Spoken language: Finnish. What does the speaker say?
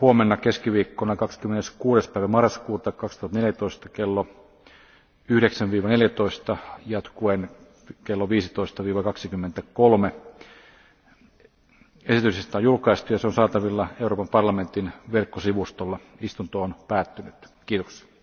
huomenna keskiviikkona kaksikymmentäkuusi päivä marraskuuta kaksituhatta neljätoista kello yhdeksän neljätoista jatkuen kello viisitoista kaksikymmentäkolme esityslista on julkaistu ja se on saatavilla euroopan parlamentin verkkosivustolla. istunto on päättynyt. kiitoksia.